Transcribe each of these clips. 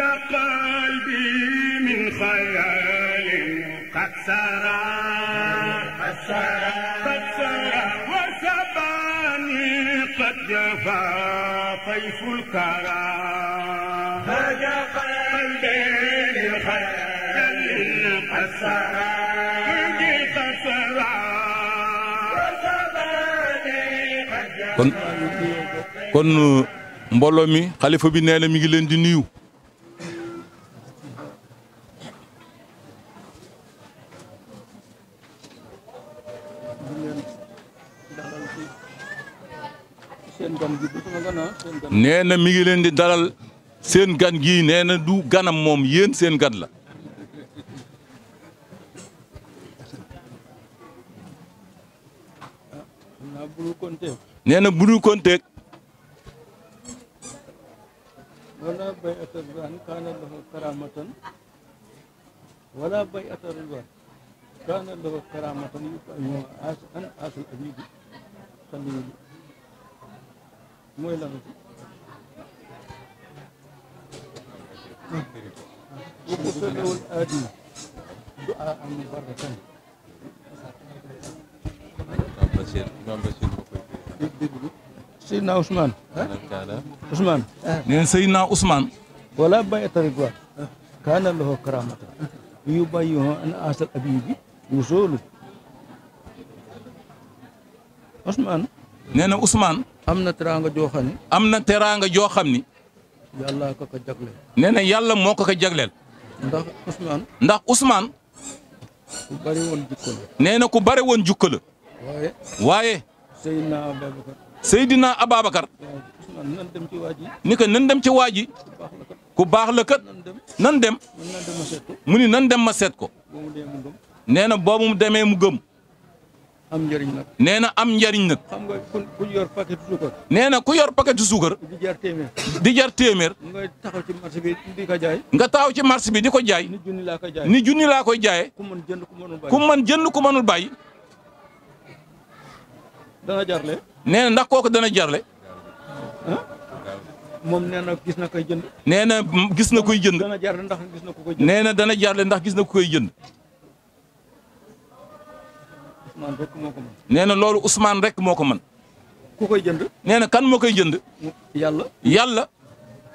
ارتجى قلبي من خيال قد سرى قد سرى قد سرى وسباني قد جفا طيف الكرى هجى قلبي من خيال قد سرى قد سرى kon kon mbooloo mi xalifa bi nee na mi ngi leen di nuyu nee mi ngi leen di dalal seen gan gii nee na du ganam moom yéen seen gat la nee na bu dul konteeg wala وقصر الآدي دعاء مباركا بشير إمام بشير سيدنا عثمان عثمان نين سيدنا عثمان ولا بيت رضوان كان له كرامة يبايعه أن أصل أبيبي وصوله Ousmane. nee na Ousmane. am na teraanga joo xam ni. am na teraanga joo xam ni. yàlla ko ko nee na yàlla moo ko ko jagleel. ndax Ousmane. ku bari woon jukka la. nee na ku bari woon jukka la. waaye. waaye. Seydina Ababacar. Seydina Ababacar. nan dem ci ji. ni ko nan dem ci waa ji. ku baax la kat. nan dem. mu ni nan dem ma seet ko. nee na boobu mu demee mu gëm. am njëriñ nag. nee na am njëriñ nag. xam nga ku yor paquet suukar. nee na ku yor paquet suukar. di di jar téeméer. nga taxaw ci marché bi di ko jaay. nga taxaw ci marché bi di ko jaay. ni junni laa koy jaayee. ni junni laa koy jaayee. ku mën jënd ku mënul bàyyi. ku mën jënd ku mënul bàyyi. dana jarle. nee na ndax kooku dana jarle. moom nee na gis na koy jënd. nee na gis na koy jënd. dana jarle ndax gis na ku koy nee dana jarle ndax gis na ku koy jënd. nee na loolu Ousmane rek moo ko man ku koy jënd. nee na kan moo koy jënd. yàlla yàlla.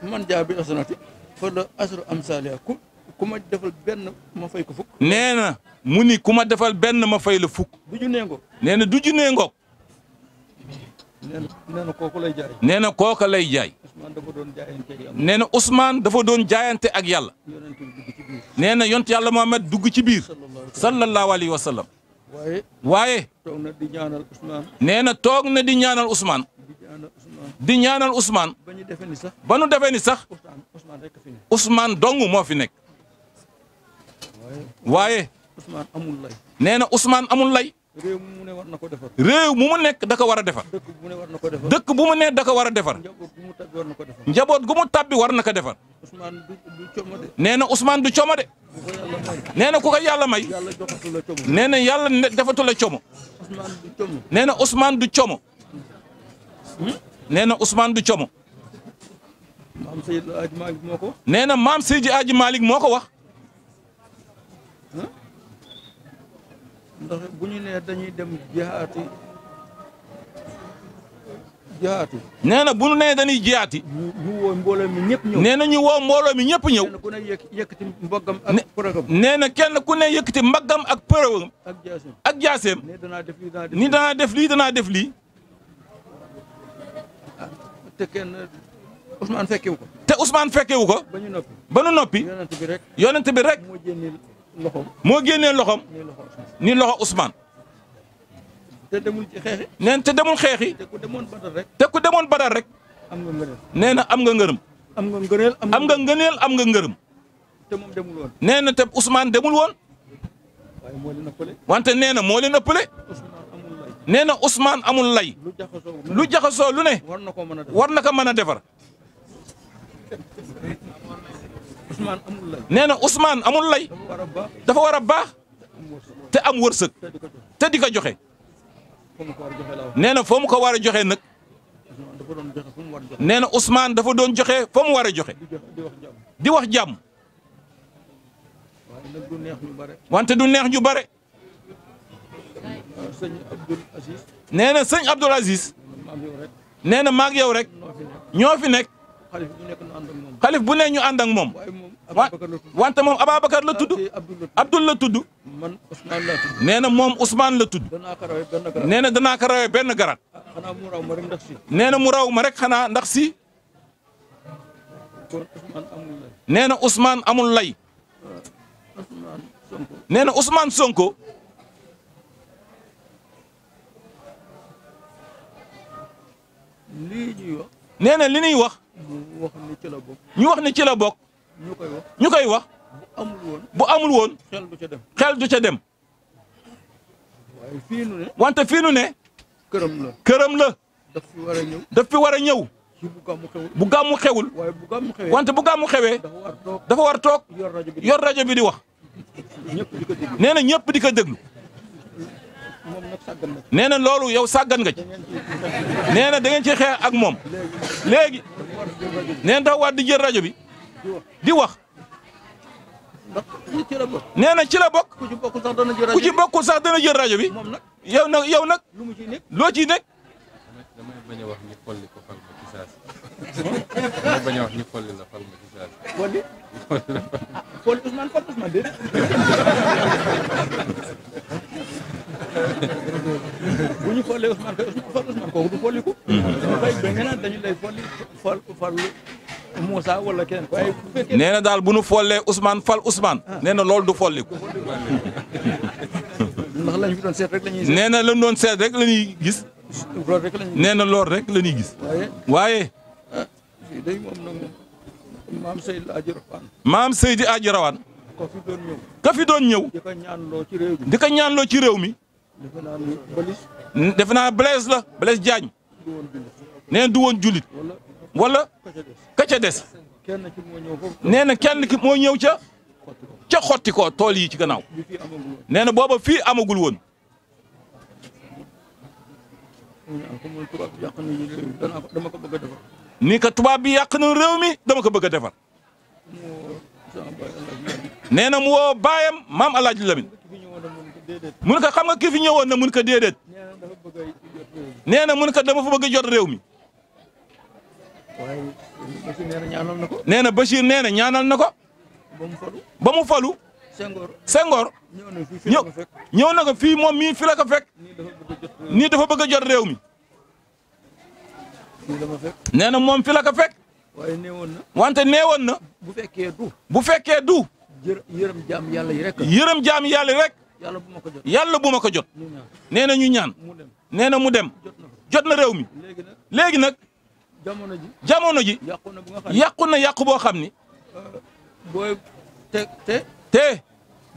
man jaa bi asanati. fa la asru am saaliha ku ku ma defal benn ma fay ko fukk. nee na mu ni ku ma defal benn ma fay la fukk. du junne ngoog. nee na du junne ngoog. nee na nee kooku lay jaay. nee na kooka lay jaay. Ousmane dafa doon jaayante ak yàlla. nee na doon jaayante ak yàlla. nee na yont yàlla Muhammad dugg ci biir. sallallahu alayhi wa sallam. waaye. waaye. toog na di ñaanal nee na toog na di ñaanal Ousmane. di ñaanal Ousmane. ba ñu sax. ba ñu defee ni sax. Ousmane rek fi nekk. dong moo fi nekk. waaye. Ousmane amul nee na Ousmane amul lay. réew mu ne war na ko defar. réew mu mu nekk da war a defar. dëkk bu mu ne war na ko defar. dëkk bu mu ne war a defar. njaboot gu mu tàbbi war na ko defar. Ousmane du du coomo de. nee na Ousmane du coomo de. nee na ku ko yàlla may. yàlla joxatu la coomo. nee na yàlla ne defatu du coomo. nee na Ousmane du coomo. Hmm? nee na Ousmane du coomo. maam Seydi Aji Malick ko. nee na maam Seydi Aji moo ko wax. Hmm? ndax bu ñu nee dañuy dem jihaati jihaati. nee na bu ñu dañuy jihaati. ñu ñu woo mbooloo mi ñëpp nee na woo mbooloo mi ñëpp ñëw. kenn ku ne yëkkati mbaggam ak përëgam. nee na kenn ku ne yëkkati mbaggam ak përëgam. ak jaaseem ak jaaseem. ni danaa def lii danaa def lii danaa ah, def danaa def lii. te kenn Ousmane ko. te Ousmane fekkewu ko. ba ñu noppi ba ñu noppi. yonent bi rek rek. moo jénnil. moo génnee loxoom ni loxo Ousmane. te demul xeexi. neen te demul xeexi. te demoon badal rek. te ku demoon badal rek. am nga ngërëm. nee na am nga ngërëm. am nga ngëreel am nga ngëreel am nga ngërëm. te moom demul nee na te usmaan demul woon. waaye moo leen wante nee na moo leen ëppale. nee na Ousmane amul lay. lu jaxasoo lu ne. war na ko mën a defar war na ko mën a defar. nee na Ousmane amul lay dafa war a baax te am wërsëg te di ko joxe nee na mu ko war a joxe nag nee na Ousmane dafa doon joxe foo mu war a joxe di wax jàmm wante du neex ñu bare nee na sëñ Abdoul Aziz nee na maag yow rek ñoo fi nekk. xalif bu ne ñu ànd ak moom. wante moom Ababacar la tudd. Abdoul la tudd. man na moom Ousmane la tudd. nee na danaa ko rawee benn garat. Ah, nee na mu raw ma rek xanaa ndax si. nee na Ousmane amul lay. nee na Ousmane Sonko. nee na li ñuy wax. wax ne ci la bokk. ñu wax ne ci la bokk. ñu koy wax ñu koy wax. bu amul woon bu amul woon. xel du ca dem xel du ca dem. waaye fii nu ne. wante fii ne. këram la këram la. daf fi war a ñëw daf war a ñëw. bu gàmmu xewul waaye bu wante bu gàmmu xewee. dafa war toog dafa war toog yor rajo bi di wax. ñëpp di na ñëpp di ko déglu. nee na loolu yow sàggan nga ci. nee ci xeex ak moom léegi. neen tax waat di jël rajo bi di wax nee na ci la bokk ku ci bokkul sax dana jël rajo bi ku ci bokkul sax dana jël rajo yow nag yow nag loo ciy nekk. damay bañ a wax ñu xolli ma ci saasi. wax ñu xolli la fal ma ci saasi. xolli. xolli Ousmane fal Ousmane déedéet. bu ñu xollee Ousmane fal Ousmane kooku du xolliku. Mhm. a naan dañu lay fal fal Moussa wala nee na daal bu nu follee Ousmane fal Ousmane. nee na loolu du folliku. ndax lañ fi doon seet rek la nee na lañ doon seet rek la ñuy gis. nee na loolu rek la ñuy waaye. Ah, fii day moom nag maam Seydi Aji Rawaan. maam Seydi Aji Rawaan. ka doon ñëw. ka fi doon ci réew mi. di ko ñaanloo la Blaise Diagne. nee na du woon jullit. wala ka ca des nee na kenn ki moo ñëw ca ca xotti ko tool yi ci gannaaw nee na booba fii amagul woon ni ka tubaab bi yàq na réew mi dama ko bëgg a defar nee na mu woo baayam maam Alaaji Lamin mun ko xam nga ki fi woon na mun ko déedéet nee na mun ko dama fa bëgg a jot réew mi nee na Bachir nee na ñaanal na ko. ba mu falu ba mu falu. Senghor Senghor. ñëw ñëw na ko fii moom mii fi la ko fekk. nii dafa bëgg jot réew mi. nee na moom fi la ko fekk. waaye neewoon na. wante neewoon na. bu fekkee du. bu fekkee du. yërëm jaam yàlla yi rek. yërëm jaam yàlla rek. yàlla bu ma ko jot yàlla bu ma ko jot. nee na ñu ñaan. nee na mu dem. jot na réew mi léegi nag. jamono ji jamono ji. yàqu na yàqu boo xam ni. Euh, booy te te. te.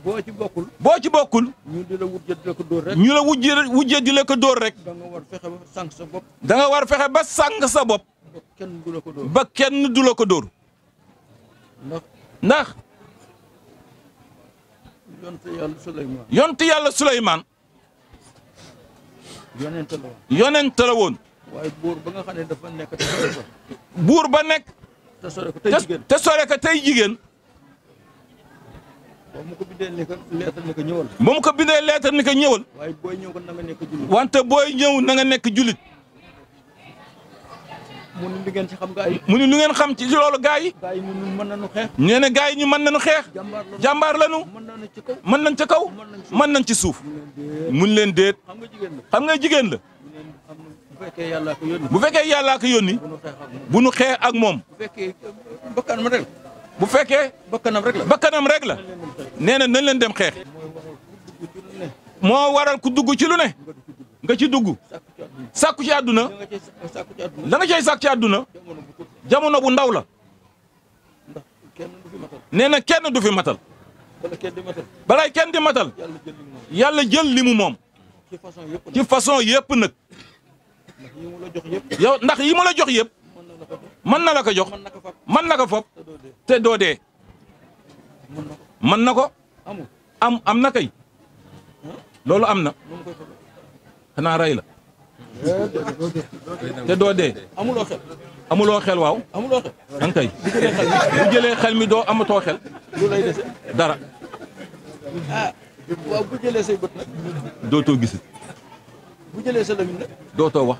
boo ci bokkul. boo ci bokkul. ñu di la wujjee di la ko dóor rek. ñu la wujjee wujjee di la ko dóor rek. da nga war fexe ba sànq sa bopp. da war fexe ba sànq sa bopp. ba kenn du la ko dóor. ba kenn du ko dóor. ndax. ndax. yàlla Souleymane. yonte yàlla Souleymane. yonente woon. waaye buur ba nga xam ne dafa nekk te sore ko. buur ba nekk. te sore ko tey jigéen ko tey jigéen. ba mu ko bindee ko leetar ni ko ñëwal. ba mu ni ko ñëwal. waaye booy ñëw na nga nekk julit. wante booy ñëw na nga nekk julit. mu ni lu ci xam gaa yi. mu lu ngeen xam ci loolu gaa yi. gaa yi ñun mën nañu xeex. nee na gaa yi ñu mën nañu xeex. jàmbaar lañu mën nañu ci kaw. mën nañ ca kaw mën nañ ci suuf. mun leen déet. xam nga jigéen la. xam nga jigéen la. bu fekkee yàllaa ko yónni bu fekkee bu nu xeex ak moom. bu fekkee bakkanam rek la. bu fekkee bakkanam rek bakkanam rek la nee na nañ leen dem xeex. moo waral ku dugg ci lu ne nga ci dugg sàkku ci àdduna la nga cay sàkku ci àdduna jamono bu ndaw la nee na kenn du fi matal balay kenn di matal yàlla jël li mu moom ci façon yëpp nag. yow ndax yi ma la jox yëpp man na la ko jox man na ko fop te doo dee mën na ko am am na kay loolu am na xanaa rey la te doo dee amuloo xel amuloo xel waaw amuloo xel an kay bu jëlee xel mi doo amatoo xel lu lay dese dara ah, waaw bu jëlee bu jëlee sa lamine nag. dootoo wax.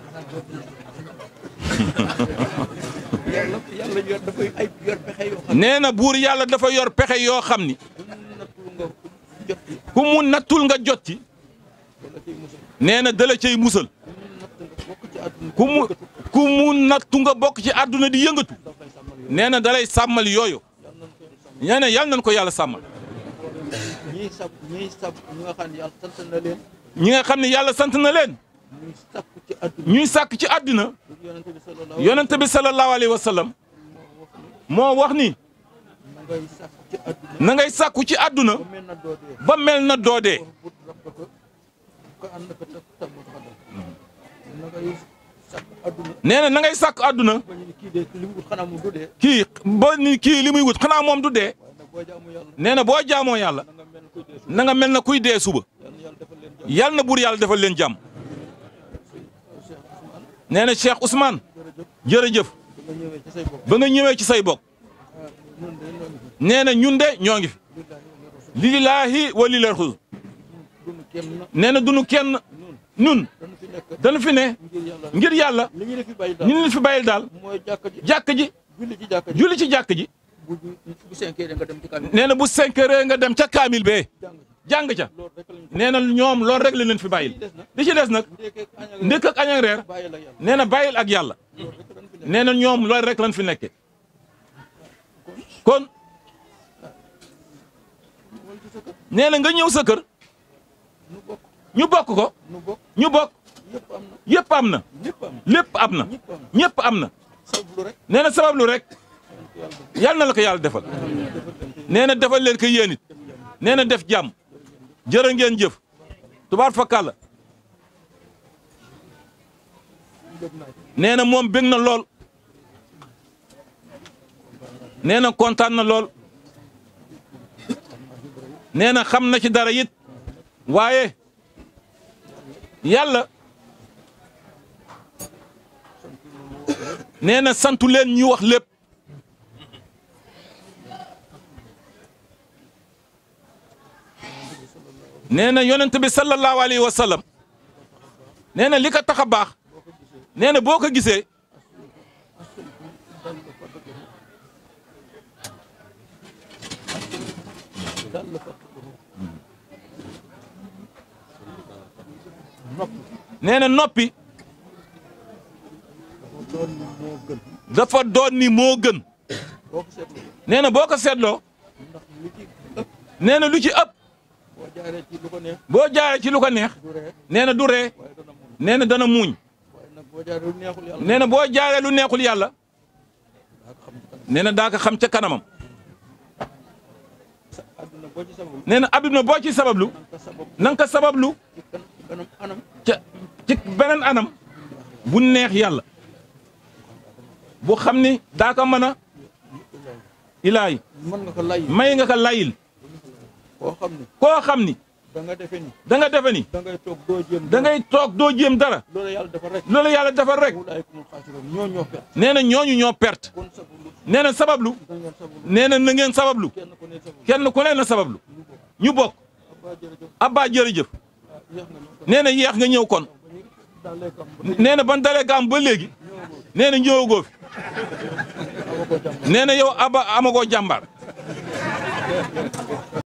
na buur yàlla dafa yor pexe yoo xam ni. ku mu nattul nga jot ci. nee na dala cay musal. ku mu ku mu nattu nga bokk ci àdduna di yëngatu. nee na dalay sàmmal yooyu. nee na nañ ko yàlla sàmmal. ñi nga xam ne nga xam ne yàlla sant na leen. ñuy sàkk ci àddina yonente bi sallallahu alayhi wa sallam moo wax ni nangay ngay sàkku ci àdduna ba mel na doodee nee na na ngay sàkk àdduna kii ba ni kii li muy wut xanaa moom du dee nee na boo jaamoo yàlla na nga mel na kuy dee suba yal na buur yàlla defal leen jàmm nee na Cheikh Ousmane jërëjëf ba nga ñëwee ci say bokk nee na ñun de ñoo ngi fi lillaahi wa lillaahi xus nee na duñu kenn ñun dañu fi ne ngir yàlla ñu leen fi bàyyil daal jàkk ji julli ci jàkk ji nee na bu cinq nga dem ca kaamil bee jàng ca nee na ñoom loolu rek lañ leen fi bàyyil di ci des nag ndékk ak añ ak reer nee na bàyyil ak yàlla nee na ñoom loolu rek lañ fi nekke kon nee na nga ñëw sa kër ñu bokk ko ñu bokk yëpp am na lépp am na ñëpp am na nee na sabablu rek yàlla na la ko yàlla defal nee na defal leen ko yéen it nee na def jàmm jërë ngeen jëf tubaar fakal la nee na moom bég na lool nee na kontaan na lool nee na xam na ci dara it waaye yàlla nee na santu leen ñu wax lépp nee na yonent bi sallallahu alayhi wa sallam nee na li ko tax a baax nee na boo ko gisee nee na noppi dafa doon ni moo gën nee na boo ko seetloo nee na lu ci ëpp boo jaaree ci lu ko neex nee du ree nee na dana muuñ nee na boo jaaree lu neexul yàlla nee na daa xam ca kanamam nee na adduna boo ci sabablu na nga ko sabablu ca ci beneen anam bu neex yàlla bu xam ni daa ko mën a ilaay may nga ko layil koo xam ni koo xam ni. da nga defe ni da ni. da ngay toog doo jéem da ngay toog doo jéem dara. loolu yàlla defal rek loolu yàlla defal rek. ñoo ñoo nee na ñooñu ñoo perte. nee na sabablu. nee na na ngeen sabablu. kenn ku ne na sabablu. ñu bokk. abba jërëjëf. Ah, nee na yeex nga ñëw kon. nee na ban dalee ka ba léegi. nee na ñëwagoo fi. nee na abba amagoo jàmbaar.